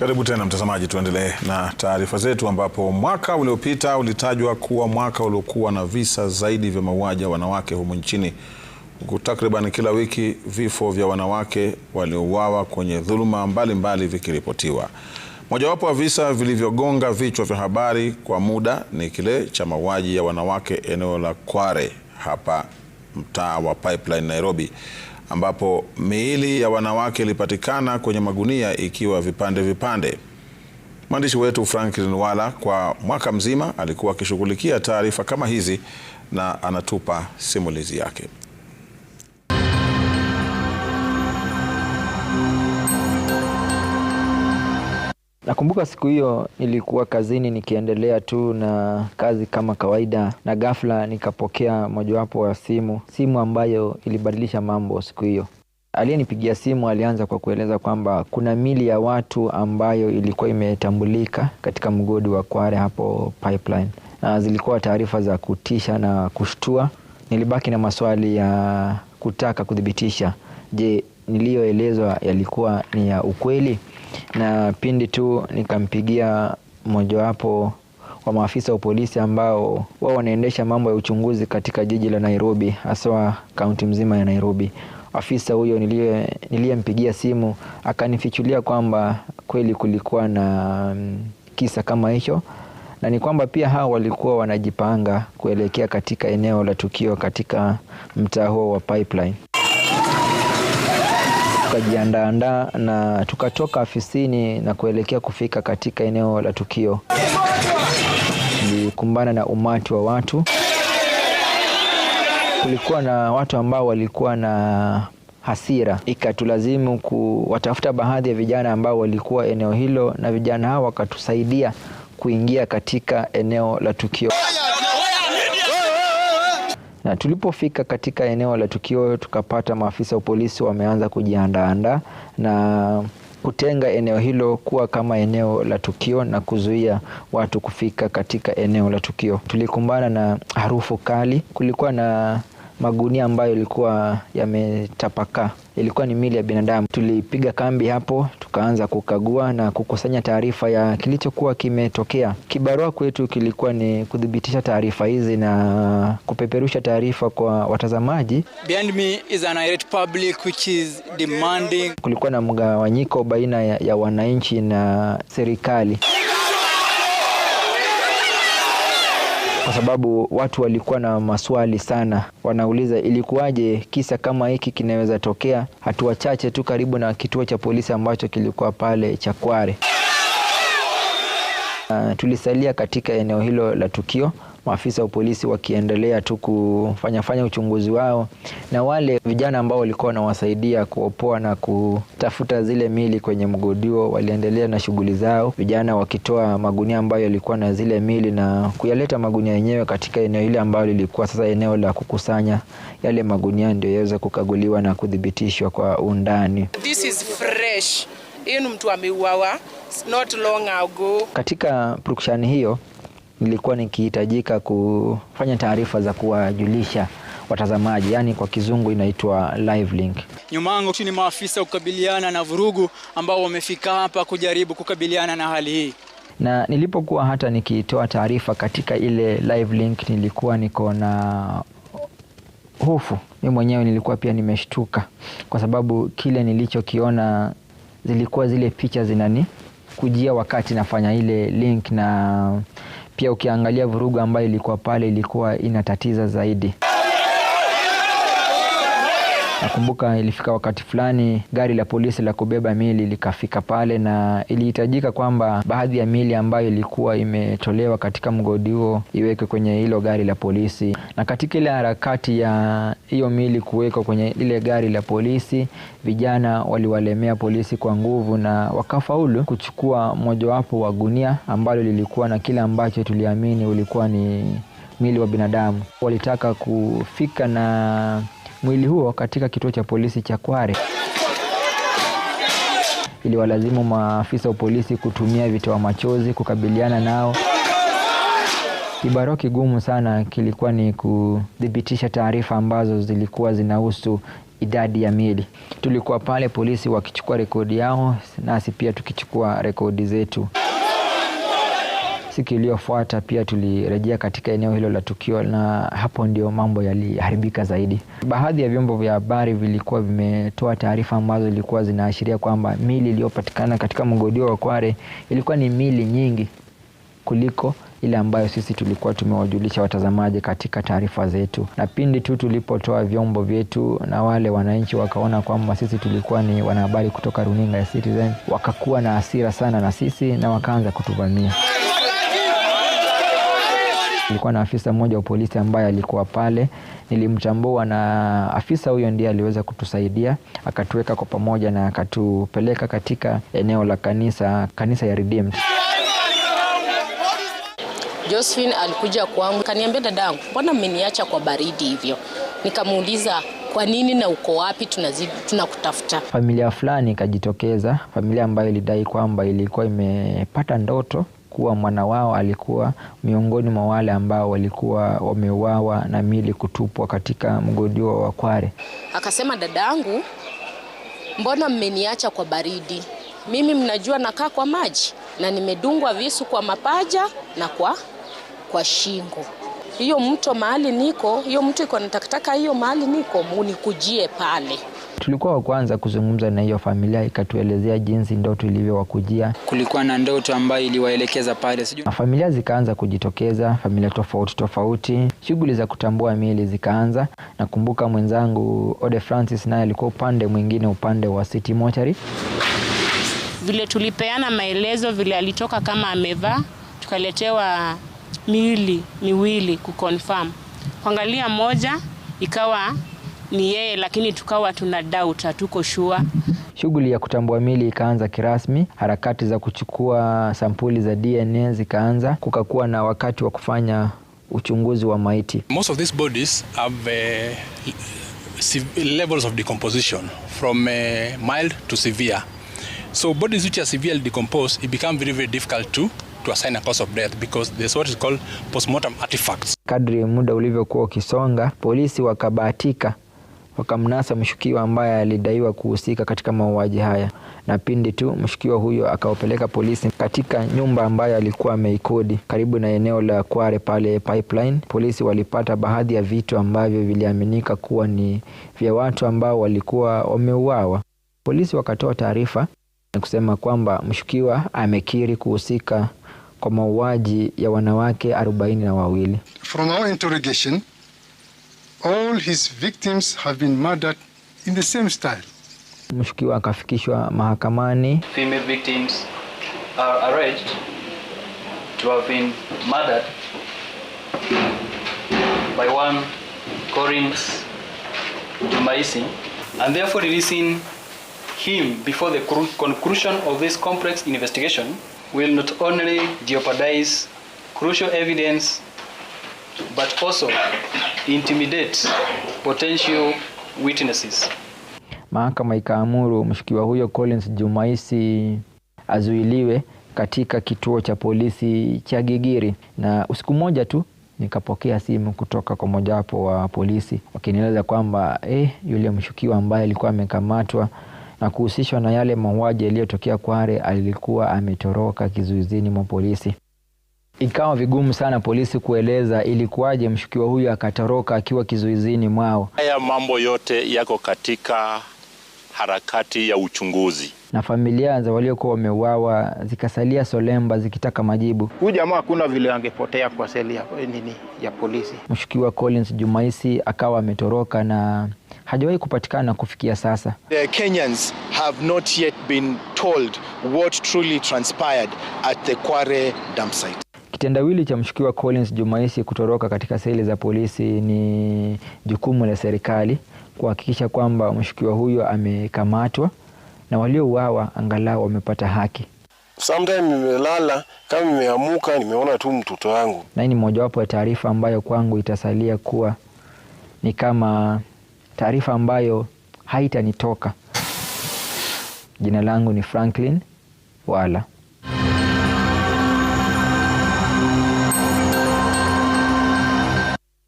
Karibu tena mtazamaji, tuendelee na taarifa zetu, ambapo mwaka uliopita ulitajwa kuwa mwaka uliokuwa na visa zaidi vya mauaji ya wanawake humu nchini, huku takriban kila wiki vifo vya wanawake waliouawa kwenye dhuluma mbalimbali vikiripotiwa. Mojawapo wa visa vilivyogonga vichwa vya habari kwa muda ni kile cha mauaji ya wanawake eneo la Kware hapa mtaa wa Pipeline Nairobi, ambapo miili ya wanawake ilipatikana kwenye magunia ikiwa vipande vipande. Mwandishi wetu Franklin Wala kwa mwaka mzima alikuwa akishughulikia taarifa kama hizi na anatupa simulizi yake. Nakumbuka siku hiyo nilikuwa kazini nikiendelea tu na kazi kama kawaida na ghafla nikapokea mojawapo ya simu, simu ambayo ilibadilisha mambo siku hiyo. Aliyenipigia simu alianza kwa kueleza kwamba kuna mili ya watu ambayo ilikuwa imetambulika katika mgodi wa Kware hapo Pipeline, na zilikuwa taarifa za kutisha na kushtua. Nilibaki na maswali ya kutaka kuthibitisha, je, niliyoelezwa yalikuwa ni ya ukweli, na pindi tu nikampigia mojawapo wa maafisa wa polisi ambao wao wanaendesha mambo ya uchunguzi katika jiji la Nairobi, haswa kaunti mzima ya Nairobi. Afisa huyo niliyempigia simu akanifichulia kwamba kweli kulikuwa na mm, kisa kama hicho, na ni kwamba pia hao walikuwa wanajipanga kuelekea katika eneo la tukio katika mtaa huo wa Pipeline tukajiandaandaa na tukatoka afisini na kuelekea kufika katika eneo la tukio, nilikumbana na umati wa watu. Kulikuwa na watu ambao walikuwa na hasira, ikatulazimu kuwatafuta baadhi ya vijana ambao walikuwa eneo hilo, na vijana hao wakatusaidia kuingia katika eneo la tukio. Na tulipofika katika eneo la tukio, tukapata maafisa wa polisi wameanza kujiandaandaa na kutenga eneo hilo kuwa kama eneo la tukio na kuzuia watu kufika katika eneo la tukio. Tulikumbana na harufu kali, kulikuwa na magunia ambayo ilikuwa yametapakaa, ilikuwa ni mili ya binadamu. Tulipiga kambi hapo, tukaanza kukagua na kukusanya taarifa ya kilichokuwa kimetokea. Kibarua kwetu kilikuwa ni kuthibitisha taarifa hizi na kupeperusha taarifa kwa watazamaji. Behind me is an irate public which is demanding. Kulikuwa na mgawanyiko baina ya, ya wananchi na serikali. kwa sababu watu walikuwa na maswali sana, wanauliza ilikuwaje kisa kama hiki kinaweza tokea hatua chache tu karibu na kituo cha polisi ambacho kilikuwa pale Chakware. Uh, ah, tulisalia katika eneo hilo la tukio maafisa wa polisi wakiendelea tu kufanya fanya uchunguzi wao, na wale vijana ambao walikuwa wanawasaidia kuopoa na kutafuta zile mili kwenye mgodio waliendelea na shughuli zao, vijana wakitoa magunia ambayo yalikuwa na zile mili na kuyaleta magunia yenyewe katika eneo hili ambayo lilikuwa sasa eneo la kukusanya yale magunia ndio yaweze kukaguliwa na kuthibitishwa kwa undani. This is fresh. mtu ameuawa not long ago. Katika prukshani hiyo nilikuwa nikihitajika kufanya taarifa za kuwajulisha watazamaji, yani kwa kizungu inaitwa live link. Nyuma yangu tu ni maafisa kukabiliana na vurugu ambao wamefika hapa kujaribu kukabiliana na hali hii na nilipokuwa hata nikitoa taarifa katika ile live link, nilikuwa niko na hofu mimi mwenyewe, nilikuwa pia nimeshtuka kwa sababu kile nilichokiona zilikuwa zile picha zinani kujia wakati nafanya ile link na pia ukiangalia vurugu ambayo ilikuwa pale ilikuwa inatatiza zaidi. Nakumbuka ilifika wakati fulani gari la polisi la kubeba mili likafika pale, na ilihitajika kwamba baadhi ya mili ambayo ilikuwa imetolewa katika mgodi huo iwekwe kwenye hilo gari la polisi. Na katika ile harakati ya hiyo mili kuwekwa kwenye ile gari la polisi. Vijana waliwalemea polisi kwa nguvu na wakafaulu kuchukua mojawapo wa gunia ambalo lilikuwa na kile ambacho tuliamini ulikuwa ni mwili wa binadamu. Walitaka kufika na mwili huo katika kituo cha polisi cha Kware. Iliwalazimu maafisa wa polisi kutumia vitoa machozi kukabiliana nao. Kibarua kigumu sana kilikuwa ni kuthibitisha taarifa ambazo zilikuwa zinahusu idadi ya miili. Tulikuwa pale polisi wakichukua rekodi yao, nasi pia tukichukua rekodi zetu. Siku iliyofuata pia tulirejea katika eneo hilo la tukio, na hapo ndio mambo yaliharibika zaidi. Baadhi ya vyombo vya habari vilikuwa vimetoa taarifa ambazo zilikuwa zinaashiria kwamba miili iliyopatikana katika mgodio wa Kware ilikuwa ni miili nyingi kuliko ile ambayo sisi tulikuwa tumewajulisha watazamaji katika taarifa zetu, na pindi tu tulipotoa vyombo vyetu na wale wananchi wakaona kwamba sisi tulikuwa ni wanahabari kutoka runinga ya Citizen, wakakuwa na hasira sana na sisi na wakaanza kutuvamia. ilikuwa na afisa mmoja wa polisi ambaye alikuwa pale, nilimtambua na afisa huyo ndiye aliweza kutusaidia, akatuweka kwa pamoja na akatupeleka katika eneo la kanisa, kanisa ya Redeemed. Josephine alikuja kwangu kaniambia, dadangu, mbona mmeniacha kwa baridi hivyo? Nikamuuliza kwa nini na uko wapi, tunazidi tunakutafuta. Familia fulani ikajitokeza, familia ambayo ilidai kwamba ilikuwa imepata ndoto kuwa mwana wao alikuwa miongoni mwa wale ambao walikuwa wameuawa na mili kutupwa katika mgodi wa Kware. Akasema, dadangu, mbona mmeniacha kwa baridi? Mimi mnajua nakaa kwa maji na nimedungwa visu kwa mapaja na kwa kwa shingo. Hiyo mto mahali niko, hiyo mto iko na takataka, hiyo mahali niko munikujie pale. Tulikuwa wa kwanza kuzungumza na hiyo familia, ikatuelezea jinsi ndoto ilivyowakujia. Kulikuwa na ndoto ambayo iliwaelekeza pale, sijui na familia zikaanza kujitokeza, familia tofauti tofauti, shughuli za kutambua miili zikaanza. Nakumbuka mwenzangu Ode Francis naye alikuwa upande mwingine, upande wa City Mortuary. Vile tulipeana maelezo vile alitoka kama amevaa, tukaletewa miili miwili kuconfirm, kuangalia moja ikawa ni yeye, lakini tukawa tuna doubt, hatuko sure. Shughuli ya kutambua mili ikaanza kirasmi, harakati za kuchukua sampuli za DNA zikaanza, kukakuwa na wakati wa kufanya uchunguzi wa maiti. Most of these bodies have uh, levels of decomposition from uh, mild to severe. So bodies which are severely decomposed, it become very very difficult to to assign a cause of death because there's what is called postmortem artifacts. Kadri muda ulivyokuwa ukisonga, polisi wakabahatika wakamnasa mshukiwa ambaye alidaiwa kuhusika katika mauaji haya, na pindi tu mshukiwa huyo akawapeleka polisi katika nyumba ambayo alikuwa ameikodi karibu na eneo la Kware pale Pipeline, polisi walipata baadhi ya vitu ambavyo viliaminika kuwa ni vya watu ambao walikuwa wameuawa. Polisi wakatoa taarifa na kusema kwamba mshukiwa amekiri kuhusika kwa mauaji ya wanawake arobaini na wawili. From our interrogation, all his victims have been murdered in the same style. Mshukiwa akafikishwa mahakamani. Female victims are alleged to have been murdered by one Corins Tumaisi and therefore releasing him before the conclusion of this complex investigation will not only jeopardize crucial evidence but also intimidate potential witnesses. Mahakama ikaamuru mshukiwa huyo Collins Jumaisi azuiliwe katika kituo cha polisi cha Gigiri, na usiku mmoja tu nikapokea simu kutoka kwa mojawapo wa polisi wakinieleza kwamba eh, yule mshukiwa ambaye alikuwa amekamatwa na kuhusishwa na yale mauaji yaliyotokea Kware, alikuwa ametoroka kizuizini mwa polisi. Ikawa vigumu sana polisi kueleza ilikuwaje mshukiwa huyo akatoroka akiwa kizuizini mwao. Haya mambo yote yako katika harakati ya uchunguzi. Na familia za waliokuwa wameuawa zikasalia Solemba zikitaka majibu. Huyu jamaa hakuna vile angepotea kwa seli ya, nini, ya polisi. Mshukiwa Collins Jumaisi akawa ametoroka na hajawahi kupatikana kufikia sasa. The Kenyans have not yet been told what truly transpired at the Kware site. Kitendawili cha mshukiwa Collins Jumaisi kutoroka katika seli za polisi ni jukumu la serikali kuhakikisha kwamba mshukiwa huyo amekamatwa na waliouawa angalau wamepata haki. Sometime nimelala kama nimeamuka, nimeona tu mtoto wangu, na hii ni mojawapo ya taarifa ambayo kwangu itasalia kuwa ni kama taarifa ambayo haitanitoka. Jina langu ni Franklin Wala.